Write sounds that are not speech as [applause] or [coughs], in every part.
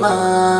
ば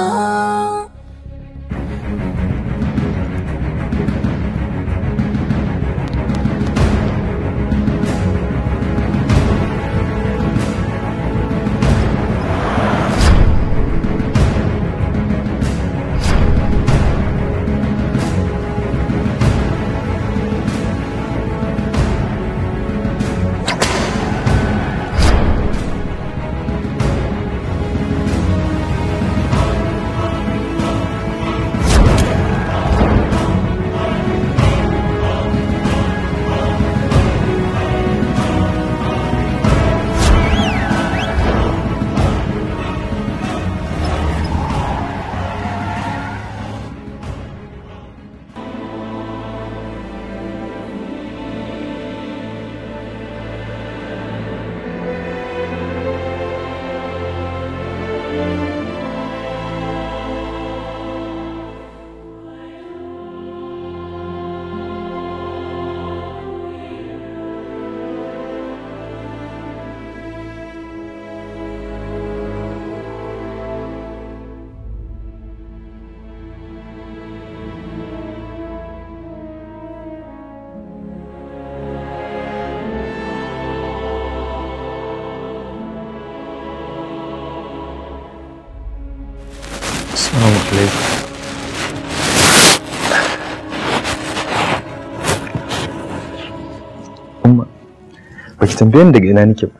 ki daga ina nake ba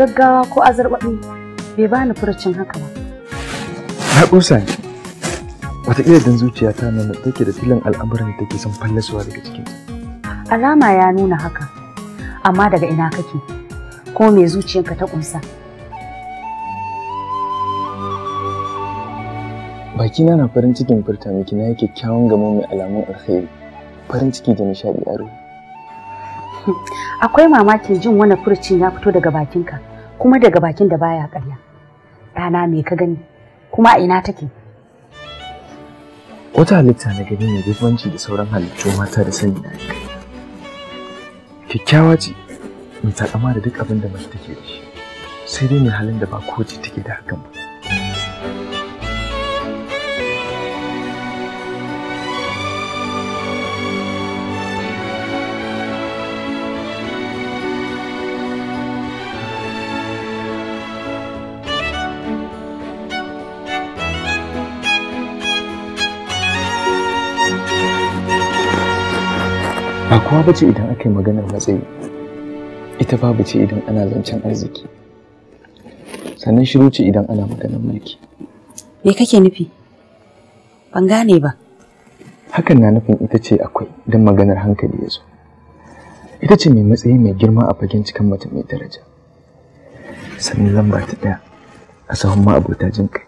gaggawa ko azarbaɗi bai bani furucin haka ba na ƙusa ne wataƙila don zuciya ta nuna take da filin al'amuran da take son fallasuwa daga cikin alama ya nuna haka amma daga ina kake ko me zuciyarka ta kunsa bakina na farin cikin furta miki na yi kyakkyawan game mai alamun alkhairi farin ciki da nishaɗi a ruhu [laughs] Akwai mamakin jin wani furcin ya fito daga bakinka kuma daga bakin da baya ƙarya. Ɗana me ka gani kuma a ina take? Wata halitta na gani mai bambanci da sauran halittu mata da sani na Kyakkyawa ce mai takama da duk abin da mace take da shi. Sai dai mai halin da ba kowace take da hakan ba. Akwai bace idan aka yi maganar matsayi ita babu ce idan ana zancen arziki sannan shiru ce idan ana maganar mulki me kake nufi ban gane ba hakan na nufin ita ce akwai don maganar hankali ya zo ita ce mai matsayi mai girma a fagen cikin mutum mai daraja sannan lamba ta ɗaya a sahun ma abota jin kai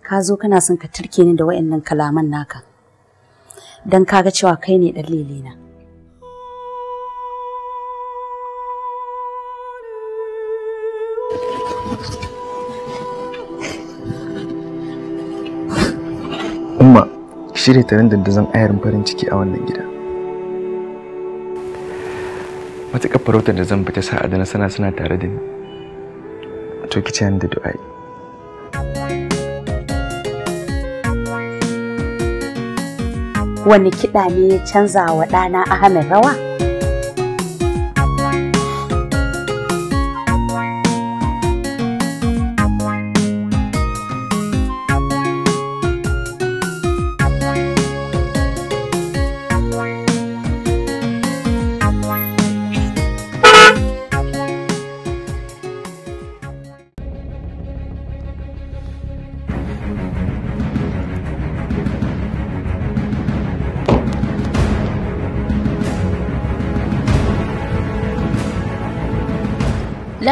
ka zo kana son ka turke ni da waɗannan kalaman naka don kaga cewa kai ne ɗan lelena shirya taron dandazon ayarin farin ciki a wannan gida matuƙar farautar da zan fita sa'a da na sana suna tare da ni to kicin da du'ai wani kiɗa ne ya canza wa ɗana ahmed rawa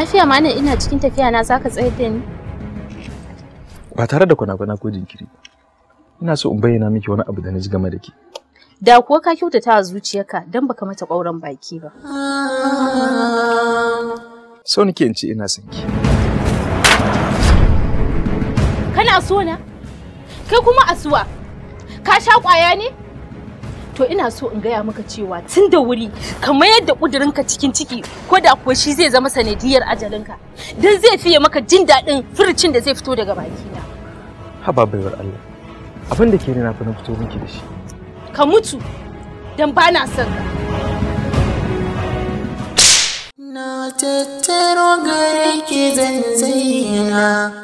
Lafiya ma ina cikin tafiya na zaka tsayar da ni? Ba tare da kwana-kwana ko jinkiri Ina so in bayyana miki wani abu da na ji game da ke. Da kuwa ka kyautata a zuciyarka don baka mata ƙwauren baki ba. Sau nake in ce ina son Kana so na? Kai kuma asuwa? Ka sha kwaya ne? to ina so in gaya maka cewa tun da wuri ka mayar da ƙudurinka cikin ciki ko da kuwa shi zai zama sanadiyar ajalinka don zai fiye maka jin daɗin furucin da zai fito daga baki na. Haba baiwar Allah abin da ke na fa na fito miki da shi. Ka mutu don ba na son ka. Na tattaro gare ki zan na.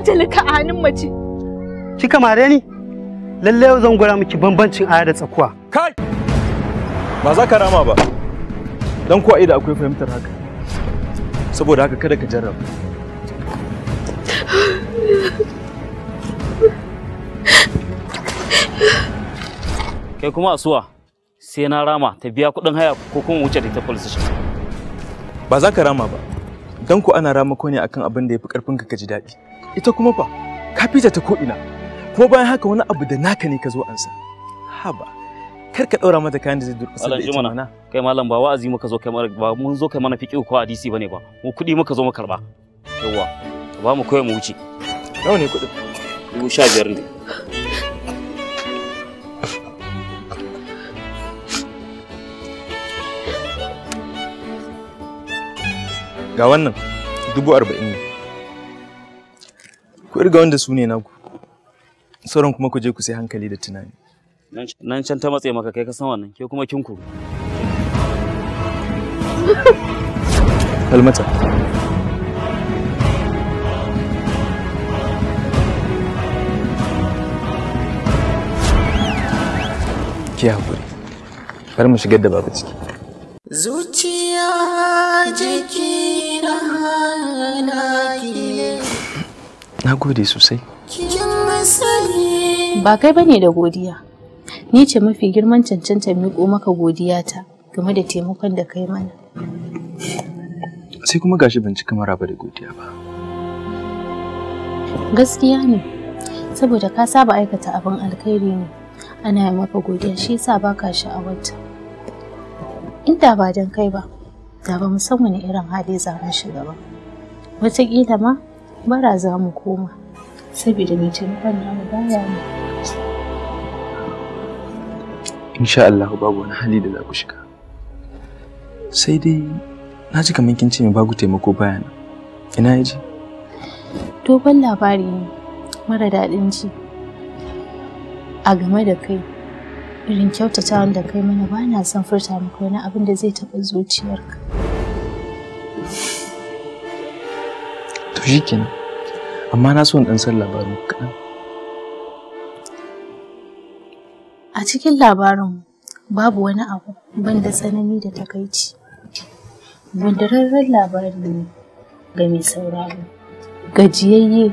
majalika a hannun mace. Kika mare ni? Lalle yau zan gwada miki bambancin aya da tsakuwa. Kai! Ba za ka rama ba. Dan kuwa da akwai fahimtar haka. Saboda haka kada ka jarraba. Kai kuma asuwa sai na rama ta biya kuɗin haya ko kuma wuce da ita police Ba za ka rama ba. Dan ku ana ko ne akan abin da ya fi ƙarfin ka ji daɗi. ita kuma fa ka fita ta ko'ina kuma bayan haka wani abu da naka ne ka zo ansa haba kar ka daura mata kayan da zai durƙusa da ita mana kai malam ba wa'azi muka zo kai ba mun zo kai mana fiki ko hadisi bane ba mu kuɗi muka zo mu karba yawa ka ba mu koyo mu wuce nawa ne kuɗin dubu sha biyar ne ga wannan dubu arba'in ne Ku irga wanda su ne naku. Sauran kuma ku je ku sai hankali da tunani. Nan can ta matse maka kai ka san wannan ke kuma kinku Kalmata. Ki haƙuri. bar mu shigar da babu ciki. Zuciya jiki na ki na gode sosai ba kai bane da godiya ni ce mafi girman cancanta miƙo maka godiyata game da taimakon da kai mana sai kuma gashi ban cika maraba da godiya ba gaskiya ne saboda ka saba aikata abin alkhairi ne ana yi maka godiya shi yasa baka sha'awarta inda ba dan kai ba da ba mu san wani irin hali zaman mu shiga ba wataƙila ma bara za mu koma saboda mai taimakon namu baya mu insha Allah babu wani hali da za ku shiga sai dai na ji kamar kin ce mai babu taimako baya nan ina yaji dogon labari ne mara daɗin ji a game da kai irin kyautata da kai mana ba na son furta maka wani abin da zai taɓa zuciyarka shi kenan amma na so in ɗan san labarin kaɗan a cikin labarin babu wani abu banda tsanani da takaici bundararren labari ne ga mai sauraro gajiyayye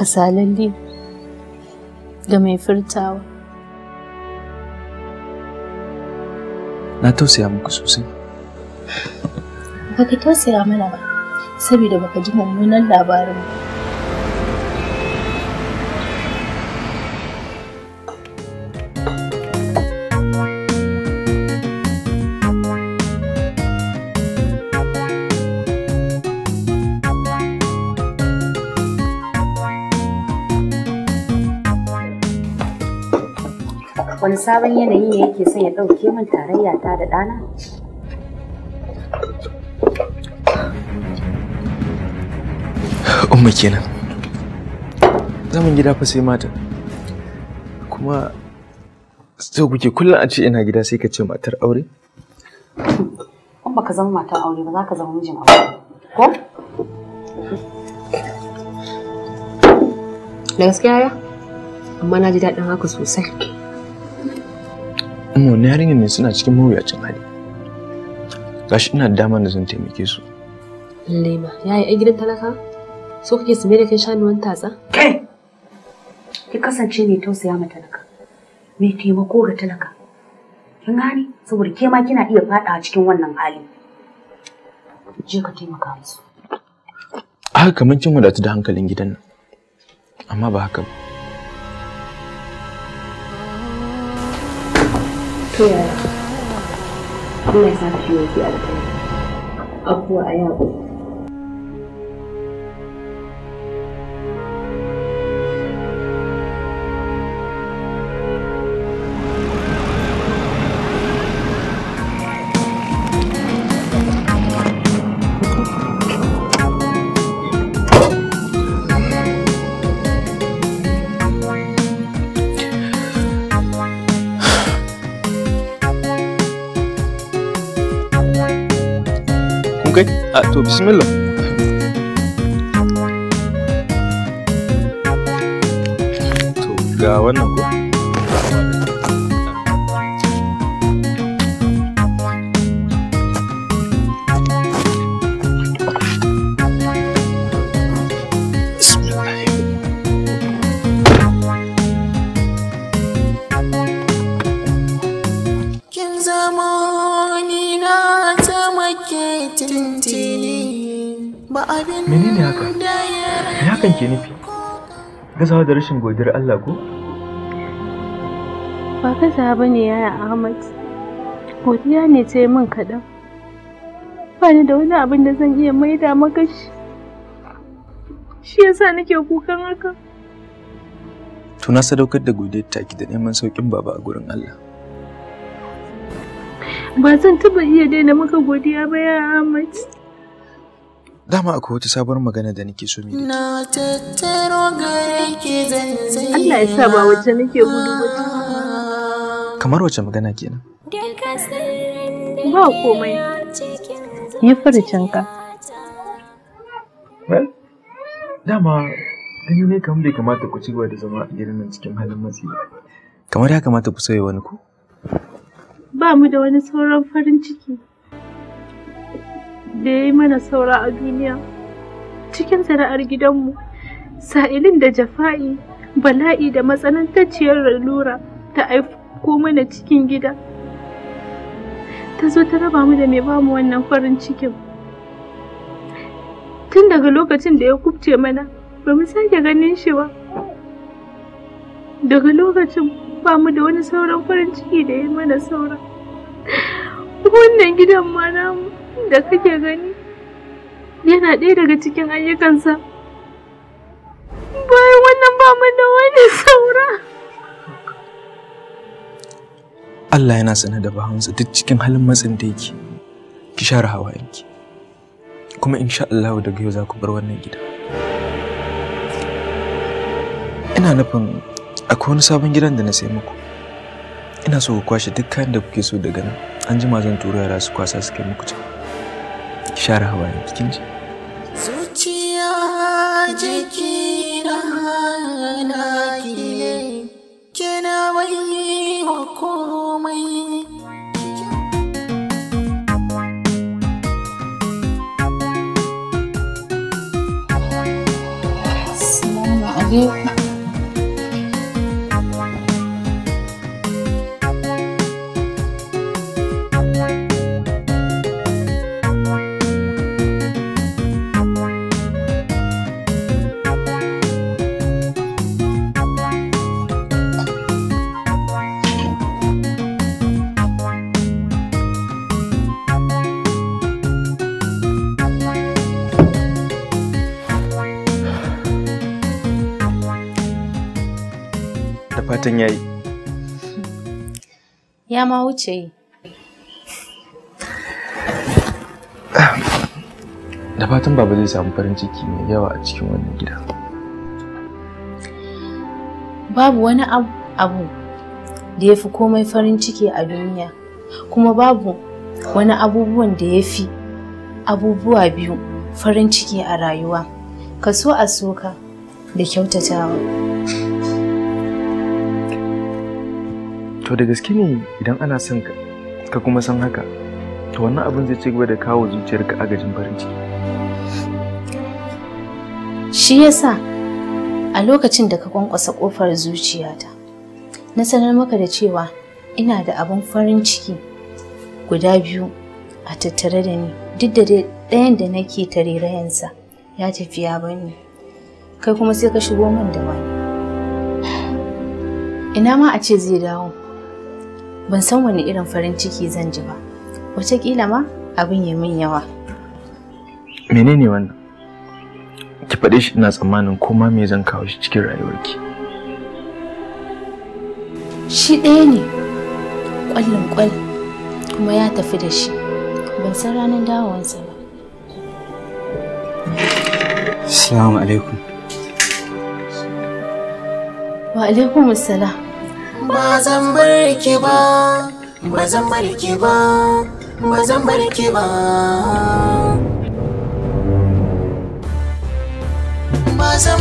kasalalle ga mai furtawa na tausaya muku sosai ba ka tausaya mana ba saboda baka ji mummunan labarin ba. Wani sabon yanayi ne yake son ya ɗauke min tarayya ta da ɗana? umma kenan zaman gida fa sai mata kuma sai kuke kullum a ce ina gida sai ka ce matar aure umma ka zama matar aure ba za ka zama mijin aure ko da gaskiya ya amma na ji daɗin haka sosai amma ne yarinyar ne suna cikin mawuyacin hali gashi ina da dama da zan taimake su Lema, ya yi gidan talaka? so kake su da kai shanuwan tatsa? Kai! Ki kasance mai tausaya ma talaka, mai taimako ga talaka. Kin gane? Saboda ke ma kina iya faɗawa cikin wannan hali. Je ka taimaka musu. Ah, kamar kin wadatu da hankalin gidan nan. Amma ba haka ba. To yaya? ina ya sa ki yi alkhairi. Abuwa a yau. mun kai a ah, to bismillah to ga wannan ko gazawa da rashin godiyar Allah ko? Ba gazawa ba ne yaya Ahmad. Godiya ne ce min kaɗan. Ba ni da wani abin da zan iya maida maka shi. Shi yasa nake kukan haka. Tuna sadaukar da godiyar taki da neman saukin baba a gurin Allah. Ba zan taɓa iya daina maka godiya ba ya Ahmad. Dama akwai wata sabon magana da nake so mi Na Allah ya sa ba wacce nake gudu ba. Kamar wacce magana kenan? Ba komai. Yi furucinka. Well, dama gani ne kamar bai kamata ku ci gaba da zama a gidan nan cikin halin matsi Kamar ya kamata ku sauya wani ku? Ba mu da wani sauran farin ciki. da ya yi mana saura a duniya cikin sana'ar gidanmu sa'ilin da jafa'i bala'i da matsanantacciyar lura ta aiko mana cikin gida ta zo ta raba mu da mai bamu wannan farin cikin tun daga lokacin da ya kubce mana ba mu sake ganin shi ba daga lokacin ba mu da wani sauran farin ciki da ya mana saura wannan gidan ma namu da kake gani yana ɗaya daga cikin ayyukansa bayan wannan ba mu da wani saura Allah yana sana da bahansa duk cikin halin matsin da yake ki share hawayenki kuma insha Allah daga yau za ku bar wannan gida ina nufin akwai wani sabon gidan da na sai muku ina so ku kwashe duk kayan da kuke so daga nan an jima zan tura yara su kwasa su kai muku can ki share hawayen kin ji zuciya jiki na na ke kina wai wa komai Assalamu alaikum yi. ya ma wuce yi da fatan baba zai samu farin ciki mai yawa a cikin wannan gida babu wani abu da ya fi komai farin ciki a duniya kuma babu wani abubuwan da ya fi abubuwa biyu farin ciki a rayuwa ka so a soka da kyautatawa. to da gaske ne idan ana son ka ka kuma san haka to wannan abin zai ci gaba da kawo zuciyarka agajin farin ciki shi yasa a lokacin da ka kwankwasa kofar zuciyata na sanar maka da cewa ina da abin farin ciki guda biyu a tattare da ni duk da ɗayan da nake rayansa ya tafiya ya bani kai kuma sai ka shigo min da wani ina ma a ce zai dawo ban san wani irin farin ciki zan ji ba wataƙila ma abin ya min yawa menene wannan ki faɗe shi ina tsammanin koma me zan kawo shi cikin rayuwarki shi ɗaya ne ƙwallon ƙwal kuma ya tafi da shi ban san ranar dawowansa ba Assalamu alaikum. Wa alaikum assalam. ba zan bar ki ba ba zan bar ki ba ba zan bar ki ba ba zan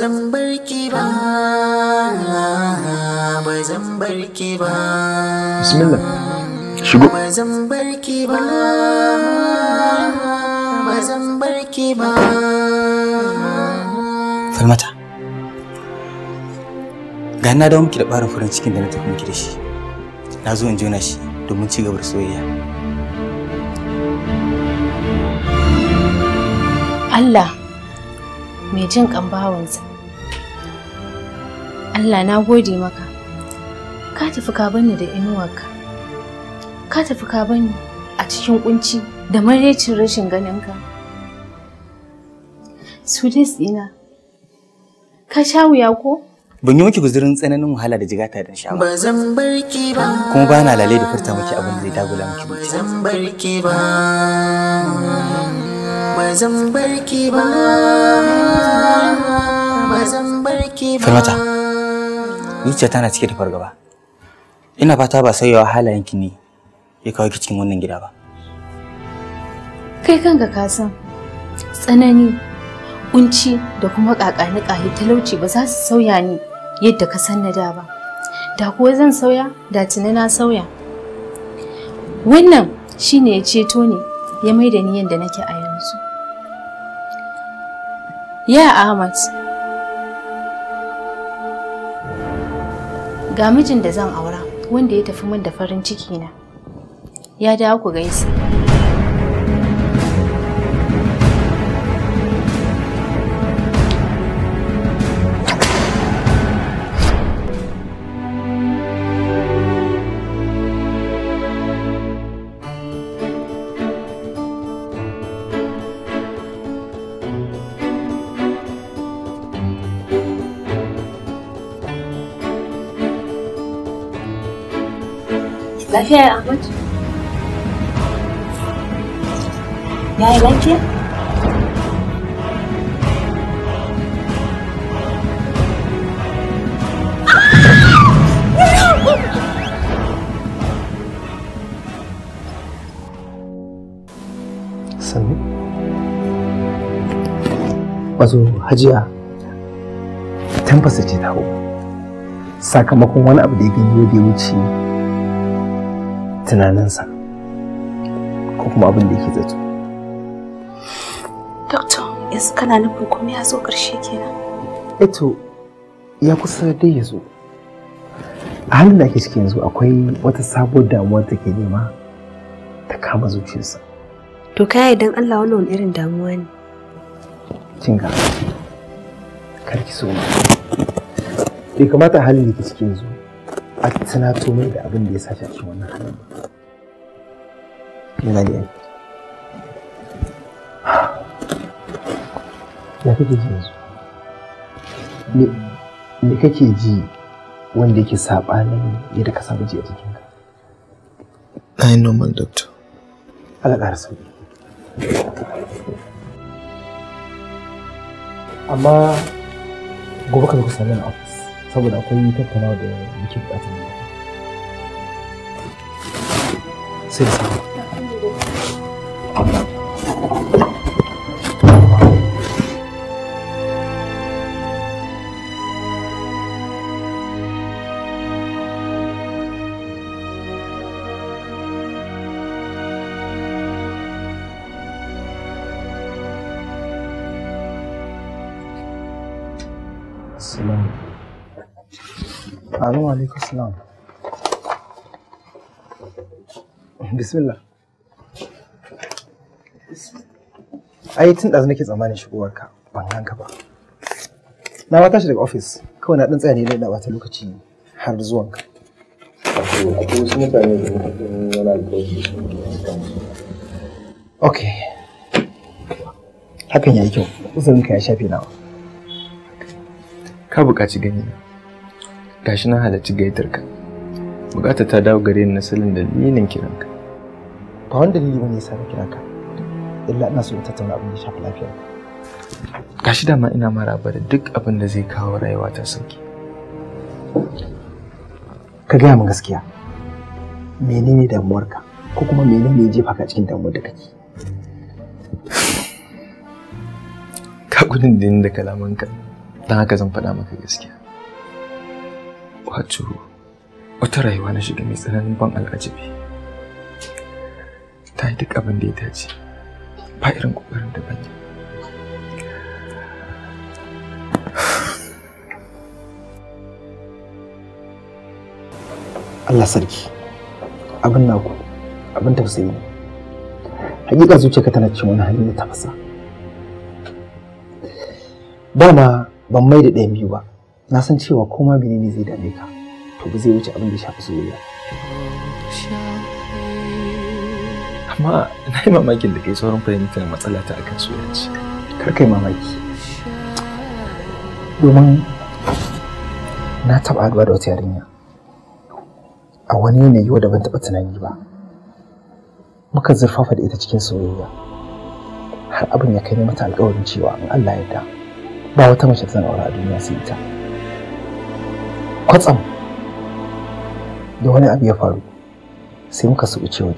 zan barki ba ba zan barki ba bismillah shigo ba zan barki ba ba zan barki ba falmata ga na dawo miki da barin farin cikin da na tafi miki da shi na zo in jona shi domin ci gaba da soyayya Allah mai jin kan bawansa Allah na gode maka ka tafi ka bani da inuwarka ka tafi ka bani a cikin kunci da maraicin rashin ganinka Sudes ɗina ka sha wuya ko? Ban yi miki guzurin tsananin wahala da jigata da sha ba. zan barki ba. Kuma ba na lalai da furta miki abin da zai dagula miki ba. zan barki ba. barki ba. zan barki ba. Farmata. zuciya tana cike da fargaba ina fata ba sauyawa halayenki ne ya kawo ki cikin wannan gida ba kai kanka ka san tsanani kunci da kuma kakani kahi talauci ba za su sauya ni yadda ka san na da ba da kuwa zan sauya da tuni na sauya wannan shine ya ceto ni ya maida ni yadda nake a yanzu ya Ahmad ga mijin da zan aura wanda ya tafi min da farin ciki na ya dawo ku gaisa Lafiya ya Ahmad? Ya yi lafiya? Sannu? Wato hajiya tamfasa ce ta hau sakamakon wani abu da ya gani da ya wuce tunaninsa ko kuma abin da yake zato doctor yanzu kana nufin kuma ya zo ƙarshe kenan eto eh ya kusa dai ya zo a halin da ake ciki yanzu akwai wata sabuwar damuwar da ke nema ta kama zuciyarsa to kai idan Allah wannan wani irin damuwa ne kin kar karki so ma bai kamata halin da ke ciki yanzu a tunato mai da abin da ya sashi a cikin wannan halin ba yana da yanki ya kake ji yanzu me kake ji wanda yake saɓanin yadda ka samu ji a ka? na yi normal doctor ala ƙara sauki amma gobe ka zo ka sami na ofis saboda akwai tattaunawa da muke bukatar mu sai da sai Assalamu alaikum salam. Bismillah. Ai tun ɗazu nake tsammanin shigowarka ban ganka ba. Na ma tashi daga ofis kawai na ɗan tsaya ne na ɓata lokaci har zuwanka. Wasu mutane da yana da Ok. Hakan ya yi kyau. Uzurinka ya shafe nawa. Ka buƙaci gani na. gashi na halarci ka. bukata ta dawo gare ni na salin dalilin ka. ba wani dalili bane yasa na kira ka illa ina so in tattauna abin da ya shafi lafiyar gashi dama ina maraba da duk abin da zai kawo rayuwa ta sauki ka gaya min gaskiya menene damuwarka ko kuma menene ya jefa ka cikin damuwar da kake ka gudun da kalamanka don haka zan faɗa maka gaskiya wato wata rayuwa na shiga mai tsananin ban al'ajabi ta yi duk abin da ya dace ba irin kokarin da ban yi Allah sarki abin naku abin tausayi ne hakika zuciya ka tana cikin wani hali na tafasa dama ban mai da ɗaya biyu ba na san cewa koma ne zai dame ka to ba zai wuce abin da shafi soyayya amma na yi mamakin da kai saurin fahimtar matsala ta akan soyayya kar kai mamaki domin na taɓa haɗuwa da wata yarinya a wani yanayi da ban taɓa tunani ba muka zurfafa da ita cikin soyayya har abin ya kai mata alƙawarin cewa in Allah ya da ba wata mace zan aura a duniya sai ita kwatsam da wani abu ya faru sai muka su wa juna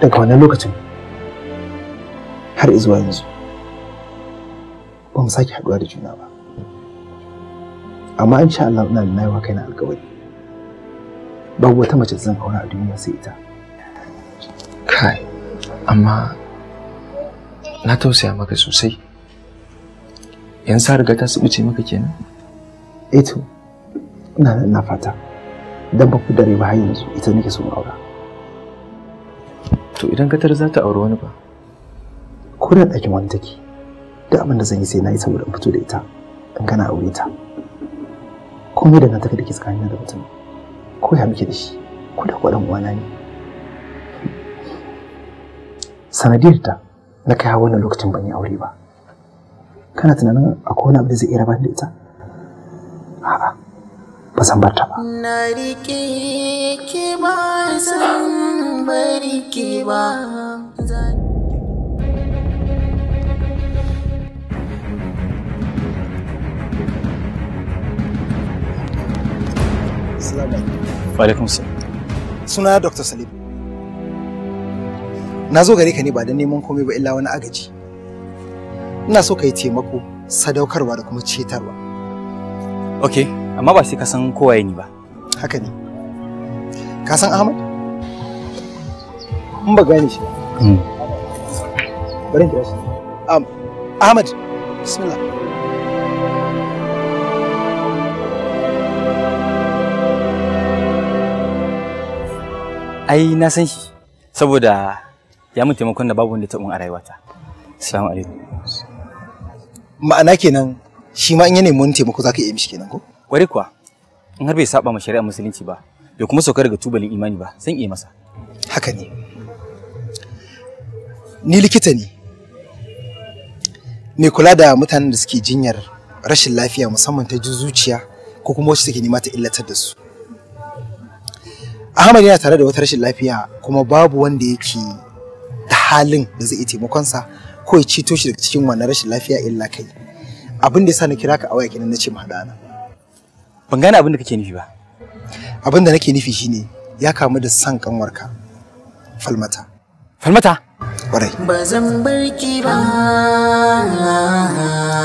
daga wannan lokacin har izuwa yanzu ba mu sake haɗuwa da juna ba amma in sha Allah ina na wa kaina alkawari babu wata mace zan aura a duniya sai ita kai amma na tausaya maka sosai yan sa riga ta subuce maka kenan eh to ina nan na fata dan ba ku dare ba har yanzu ita nake so aura to idan katar za ta aure wani ba ko da ɗakin wani take duk abin da zan yi sai na yi saboda in fito da ita in kana aure ta komai da na taka da ke tsakanin da mutum ko ya muke da shi ko da kwaɗan uwana ne sanadiyar ta na kai wannan lokacin ban yi aure ba kana tunanin akwai wani abu da zai iya rabar da ita a'a ba san barta ba na rike ki ba san bari ki ba Assalamu Suna Dr. Salim. Na zo gare ka ne ba don neman komai ba illa wani agaji. ina so ka yi taimako sadaukarwa da kuma cetarwa okay amma ba sai ka san kowaye ni ba haka ne ka san ahmad in ba gane shi hmm. bari in kira shi um, ahmad bismillah ai na san shi saboda ya mun taimakon da babu wanda ta mun a rayuwata assalamu alaikum ma'ana kenan shi ma in ya nemi wani taimako za ka iya mishi kenan ko kware kuwa in har bai saba ma shari'a musulunci ba bai kuma sauka daga tubalin imani ba zan iya masa haka ne ni likita ne mai kula da mutanen da suke jinyar rashin lafiya musamman ta ji zuciya ko kuma wacce take nema ta illatar da su Ahmad yana tare da wata rashin lafiya kuma babu wanda yake da halin da zai iya taimakonsa ko ya shi daga cikin wannan rashin lafiya illa kai abin da yasa na kira ka a waya kenan nace ma na. ban gane abin da kake nufi ba abin da nake nufi shine ya kamu da san kanwarka falmata falmata kwarai ba zan barki ba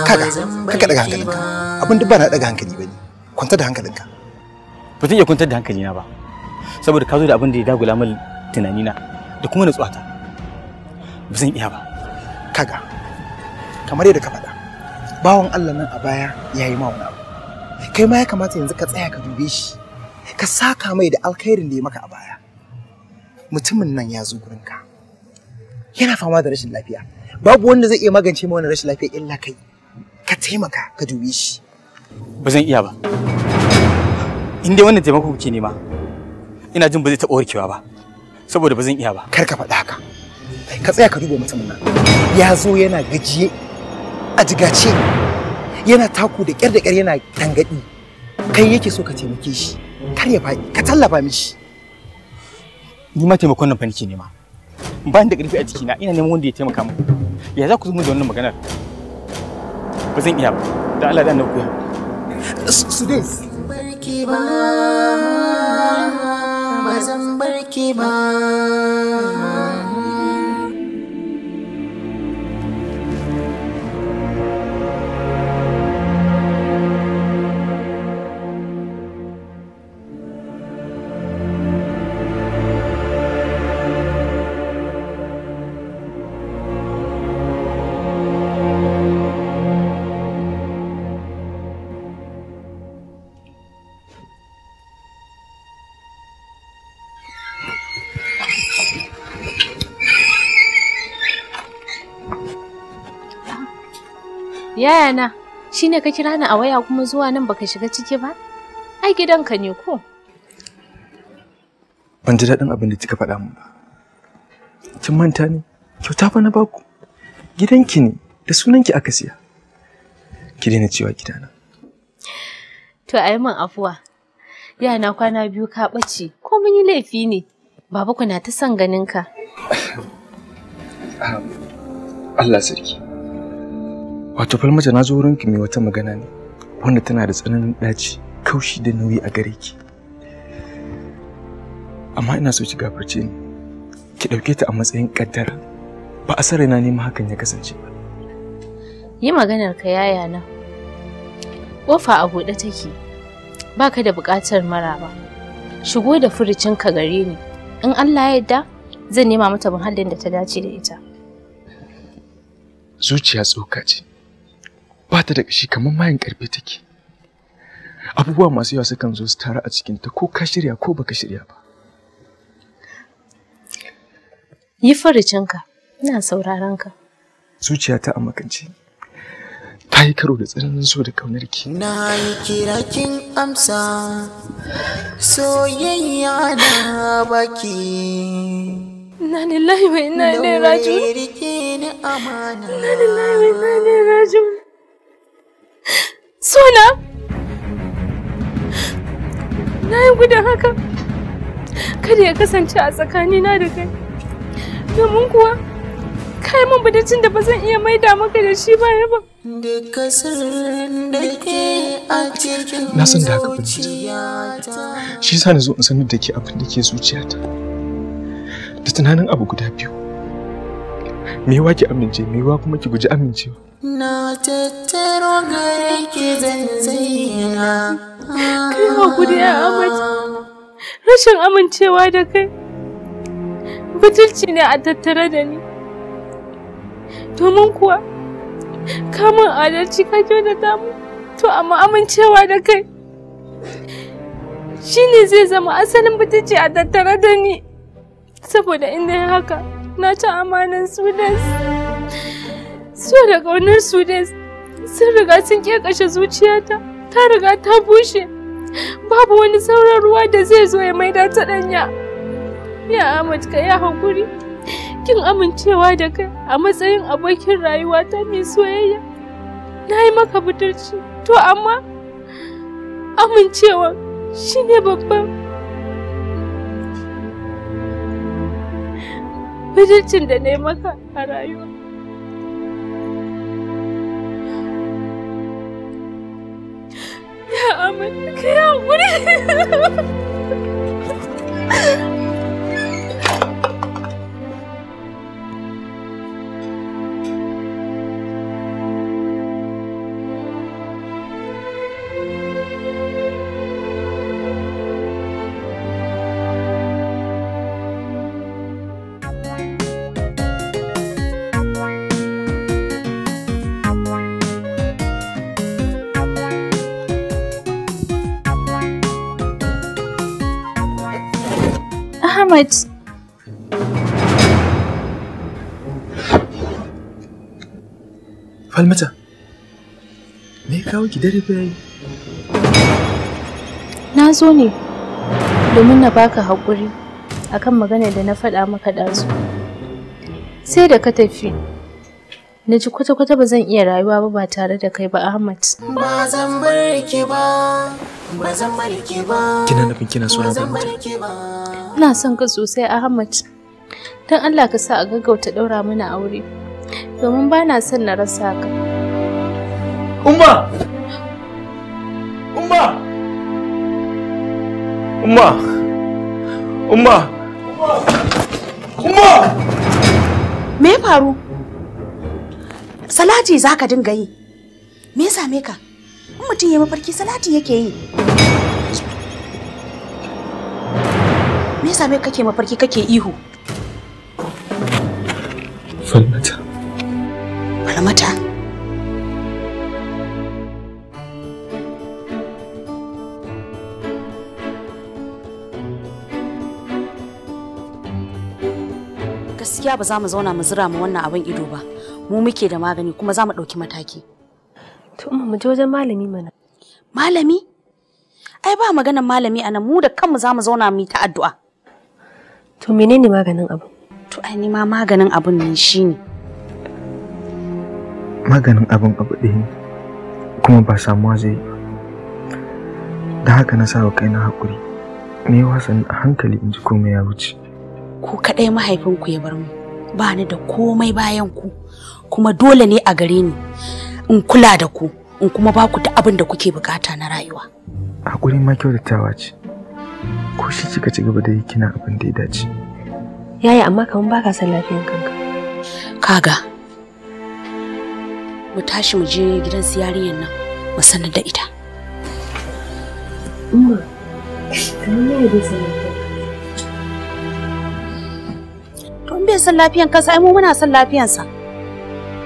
kaga kaga daga hankalinka abin duk ba na daga hankali bane kwanta da hankalinka ba zan iya kwantar da hankali na ba saboda ka zo da abin da ya dagula min tunanina da kuma natsuwata ba zan iya ba kaga kamar yadda ka faɗa bawan Allah nan a baya ya yi abu kai ma ya kamata yanzu ka tsaya ka dube shi ka saka mai da alkhairin da ya maka a baya mutumin nan ya zo ka yana fama da rashin lafiya babu wanda zai iya magance mai wannan rashin lafiya illa kai ka taimaka ka dube shi ba zan iya ba in dai wannan taimako kuke nema ina jin ba zai taɓa warkewa ba saboda ba zan iya ba kar ka faɗa haka ka tsaya ka duba mutumin nan ya zo yana gajiye a jigace yana taku da kyar da kyar yana tangadi kai yake so ka taimake shi kar ya faɗi ka tallafa mishi ni ma taimakon nan fa nake nema ba ni da ƙarfi a jikina ina neman wanda ya taimaka min ya za ku zo da wannan maganar ba zan iya ba da Allah da annabi su dai barki ba ba zan barki ba Yayana, shi ne ka kira ni a waya kuma zuwa nan baka shiga ciki ba? Ai gidanka ne ko? Ban ji daɗin abin da kika faɗa min ba. Kin manta ne? Kyauta fa na baku. Gidanki ne da sunanki aka siya. Ki daina cewa gidana. To ai min afuwa. Yana kwana biyu ka ɓace ko mun yi laifi ne. Baba kuna ta son ganinka. [coughs] Ah, Allah sarki. Wato Falmata na zo wurinki mai wata magana ne wanda tana da tsananin ɗaci, kaushi da nauyi a gare ki. Amma ina so ki gafarce ni. Ki ɗauke ta a matsayin ƙaddara. Ba a na nema hakan ya kasance ba. Yi maganar ka yaya na. Ƙofa a buɗe take. Ba ka da buƙatar mara ba. Shigo da furucin ka gare ni. In Allah ya yarda zan nema mata muhallin da ta dace da ita. Zuciya tsoka ce. ba ta da ƙashi kamar mayan ƙarfe take abubuwa masu yawa sukan zo su tara a cikinta ko ka shirya ko baka shirya ba yi faricinka ina sauraron ka zuciyata a makance ta yi karo da tsananin so da kaunar ki. Na yi kirakin amsa soyayya na baki. Na ni ni amana. Na ne raju. sona na yi gudun haka kada ya kasance a tsakanina da kai domin kuwa kai mun budacin da ba zan iya maida maka da shi ba ya ba na san da haka ba shi sa na zo in sanar da ke abin da ke zuciyata da tunanin abu guda biyu wa ki amince wa kuma ki guji amincewa na tattaro gare ki zanzina kai hakuri a amince rashin amincewa da kai butulci ne a tattare da ni domin kuwa kamun adalci ka da damu to amma amincewa da kai shine zai zama asalin butulci a tattare da ni saboda inda haka na ci amanan sudes so da ƙaunar sudes sun riga sun ƙeƙashe zuciyata ta riga ta bushe babu wani sauran ruwa da zai zo ya maida ta ɗanya ya Ahmad ka ya haƙuri kin amincewa da kai a matsayin abokin rayuwa ta mai soyayya na yi maka budurci to amma amincewa shine babban bijircin da ne maka a rayuwa. Ya amince, ka yi [laughs] dawo ki dare fa na zo ne domin na baka haƙuri akan maganar da na faɗa maka ɗazu sai da ka tafi na ji kwata-kwata ba zan iya rayuwa ba ba tare da kai ba Ahmad. Ba zan bar ki ba, ba zan bar ki ba. Kina nufin kina so na ba. Ina son ka sosai Ahmad. Dan Allah ka sa a gaggauta daura mana aure. Domin ba na son na rasa ka. Umma! umma umma umma me ya faru salati za ka dinga yi me ya same ka in mutum ya mafarki salati yake yi me ya same kake mafarki kake ihu falmata falmata gaskiya ba za mu zauna mu zira mu wannan abin ido ba mu muke da magani kuma za mu ɗauki mataki to mu je wajen malami mana malami ai ba maganan malami a mu da kanmu za mu zauna mu yi ta addu'a to menene maganin abu to ai ni ma maganin abun shi shine maganin abun abu ɗaya kuma ba samuwa zai da haka na sa wa kaina haƙuri ne wasan a hankali in ji komai ya wuce ku kaɗai mahaifinku ya bar mu ba ni da komai bayan ku kuma dole ne a gare ni in kula da ku in kuma ba ku da abin da kuke bukata na rayuwa hakuri ma kyautatawa ce ko shi kika ci gaba da yi kina abin da ya dace yaya amma kaman baka son lafiyan kanka kaga mu tashi mu je gidan su nan mu sanar da ita umma kamar da sanar bai san lafiyan kansa ai mu muna san lafiyansa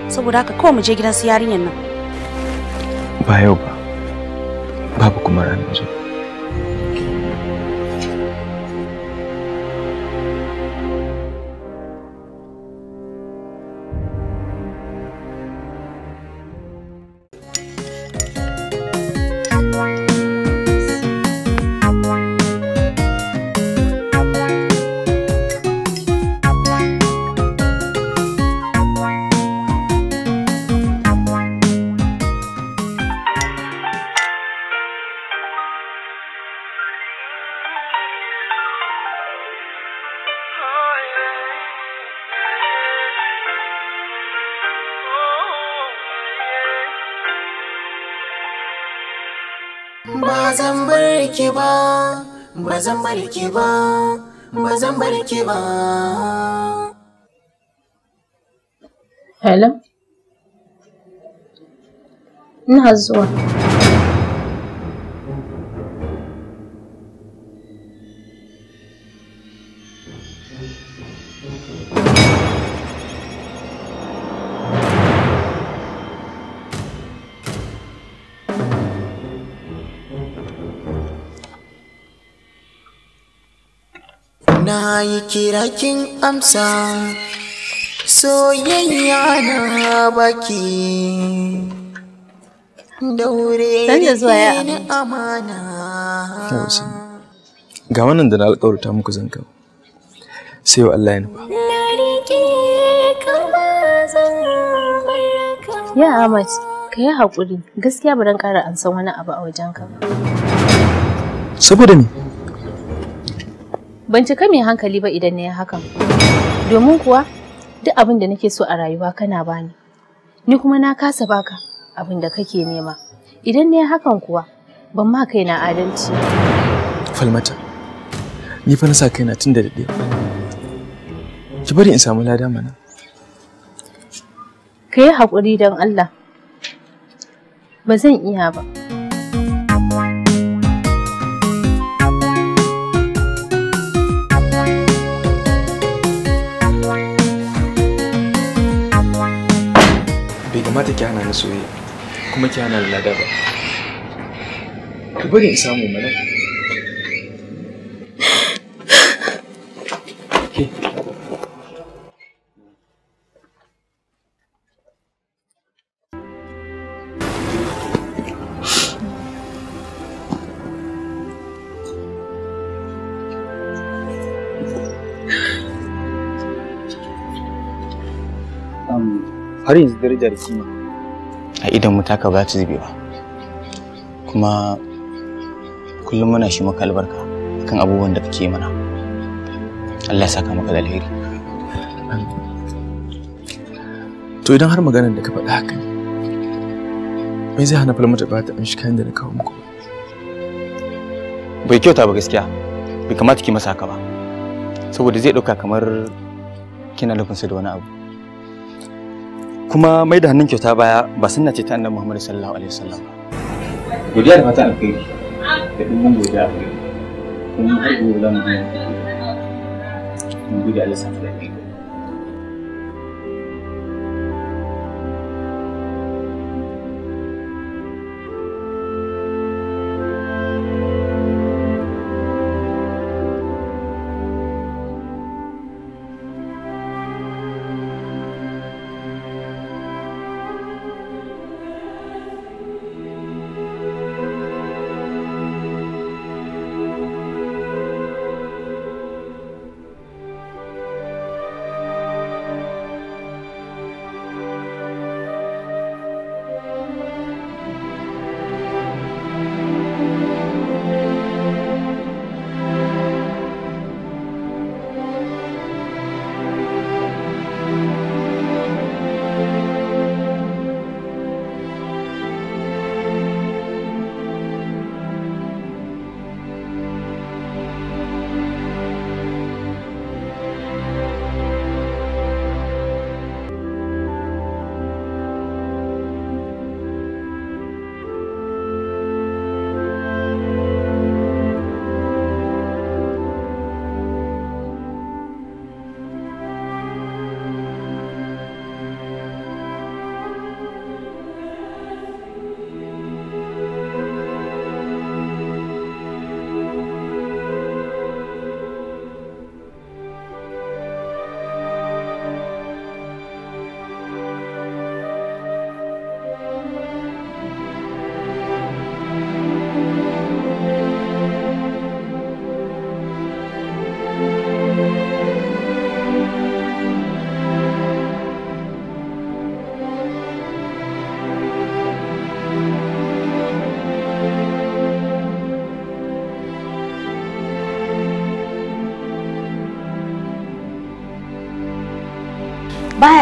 saboda haka kawai mu je gidan su yarinyan nan ba yau ba babu kuma ranar zuwa barke ba ba zan barke ba ba zan barke ba hello ina zuwa na yi kira kin amsa soyayya na baki daure ni amana ga wannan da na alƙawarta muku zan sai wa Allah ya nufa ya amat ka yi haƙuri gaskiya ba dan ƙara an san wani abu a wajenka saboda ni. Ban cika mai hankali ba idan na yi hakan. Domin kuwa duk abin da nake so a rayuwa kana bani. Ni kuma na kasa baka abin da kake nema. Idan na yi hakan kuwa ban ma kaina adalci. Falmata, ni fa na sa kaina tun da daɗe. Ki bari in samu lada mana. Ka yi haƙuri don Allah. Ba zan iya ba. kamata ki hana ni soyayya kuma ki hana ni lada ba bari in samu mana [laughs] har yanzu daraja da kima a idan mu taka ba ta zubewa kuma kullum muna shi maka albarka kan abubuwan da kake mana Allah ya saka maka da alheri to idan har maganar da ka faɗa haka ne me zai hana falmata ba ta amshi kayan da na kawo muku bai kyauta ba gaskiya bai kamata ki masa haka ba saboda zai ɗauka kamar kina nufin sai da wani abu kuma mai da hannun kyauta baya ba sunna ce ta annabi Muhammad sallallahu alaihi wasallam ba godiya da fata alkhairi da dukkan godiya a gare ku kun har gobe zamu mun gode Allah sa ta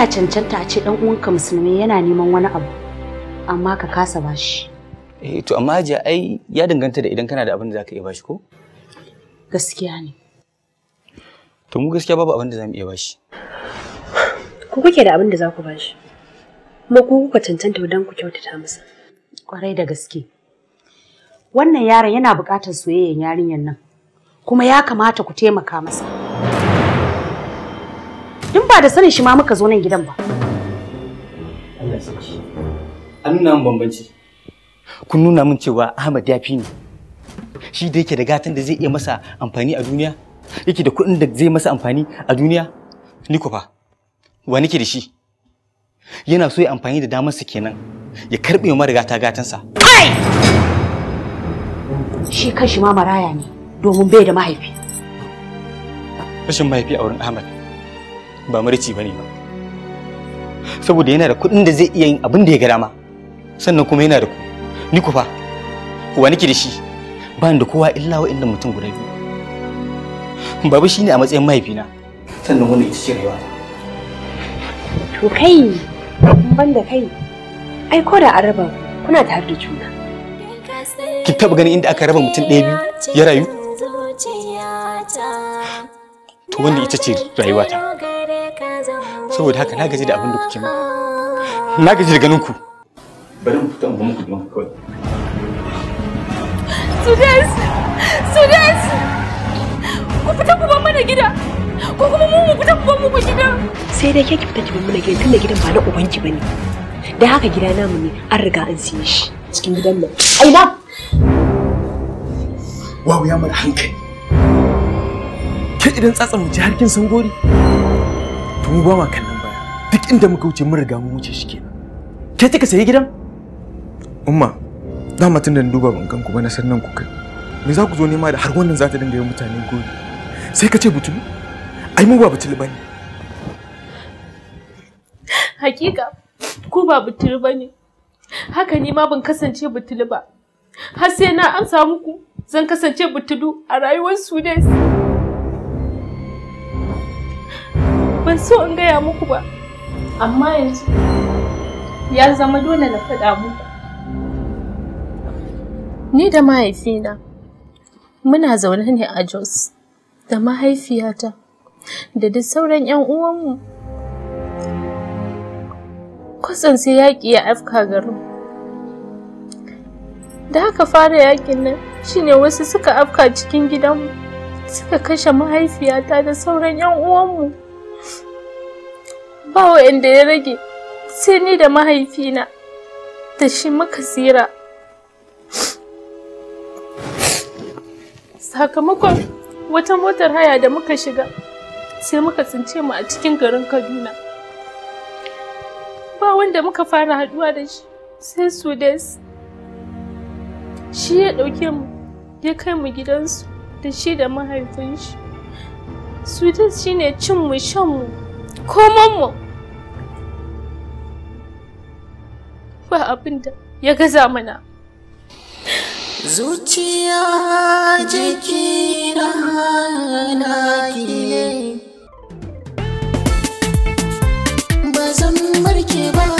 cancanta a ce dan uwanka musulmi yana neman wani abu amma ka kasa bashi eh to amma ja ai ya danganta da idan kana da abin da zaka iya bashi ko gaskiya ne to mu gaskiya babu abin da zamu iya bashi ku kuke da abin da za ku bashi kuma ku kuka cancanta don ku kyautata masa kwarai da gaske wannan yaron yana buƙatar soyayyen yarinyar nan kuma ya kamata ku taimaka masa ba da sanin shi ma muka zo nan gidan ba. Allah sarki. An nuna bambanci. Kun nuna min cewa Ahmad ya fi ni. Shi da yake da gatan da zai iya masa amfani a duniya, yake da kuɗin da zai masa amfani a duniya, ni ko fa wa nake da shi? Yana so ya amfani da damarsa kenan ya karɓe wa marigata gatansa. Ai! Shi kanshi ma maraya ne domin bai da mahaifi. Rashin mahaifi a wurin Ahmad ba marci bane ba saboda yana da kuɗin da zai iya yin abin da ya ga dama sannan kuma yana da ku ni ku fa wa nake da shi ba da kowa illa inda mutum guda biyu babu shine a matsayin mahaifina sannan wanda ita ce rayuwa to kai ban da kai ai ko da an raba kuna tare da juna ki taba ganin inda aka raba mutum ɗaya biyu ya rayu to wanda ita ce rayuwata saboda haka na gaji da abin da kuke mu na gaji da ganin ku bari mu fita mu muku don kawai Sudes! Sudes! Ku fita ku bar mana gida! Ko kuma mu mu fita ku bar mu ku shiga! Sai dai ke ki fita ki bar mana gida tunda gidan ba na ubanki bane. Da haka gida namu ne an riga an siye shi cikin gidan nan. aina na! Wawu ya mara hankali. Ke idan tsatsan mu ji harkin sangori. gori. to mu ba ma kallon baya duk inda muka wuce mun riga mun wuce shi kenan kai take sayi gidan umma dama tun da duba ban kanku ba na san nan ku kai me za ku zo nema da har wannan za ta dinga yin mutane gobe sai ka ce butulu ai mu ba butulu bane hakika ku ba butulu bane haka ni ma ban kasance butulu ba har sai na an samu ku zan kasance butulu a rayuwar su dai ban so in gaya muku ba amma yanzu ya zama dole na faɗa muku ni da mahaifina muna zaune ne a jos da mahaifiyata da duk sauran 'yan uwanmu kwatsan sai yaƙi ya afka garo da haka fara yakin nan shine wasu suka afka cikin gidanmu suka kashe mahaifiyata da sauran 'yan uwanmu ba wa'anda ya rage sai ni da mahaifina da shi muka tsira sakamakon wata motar haya da muka shiga sai muka tsince mu a cikin garin kaduna ba wanda muka fara haduwa da shi sai su shi ya dauke mu ya kai mu gidansu da shi da mahaifin shi su des shi cin mu shan mu koman mu ba abin da ya gaza mana zuciya jiki na ke ba zan barke ba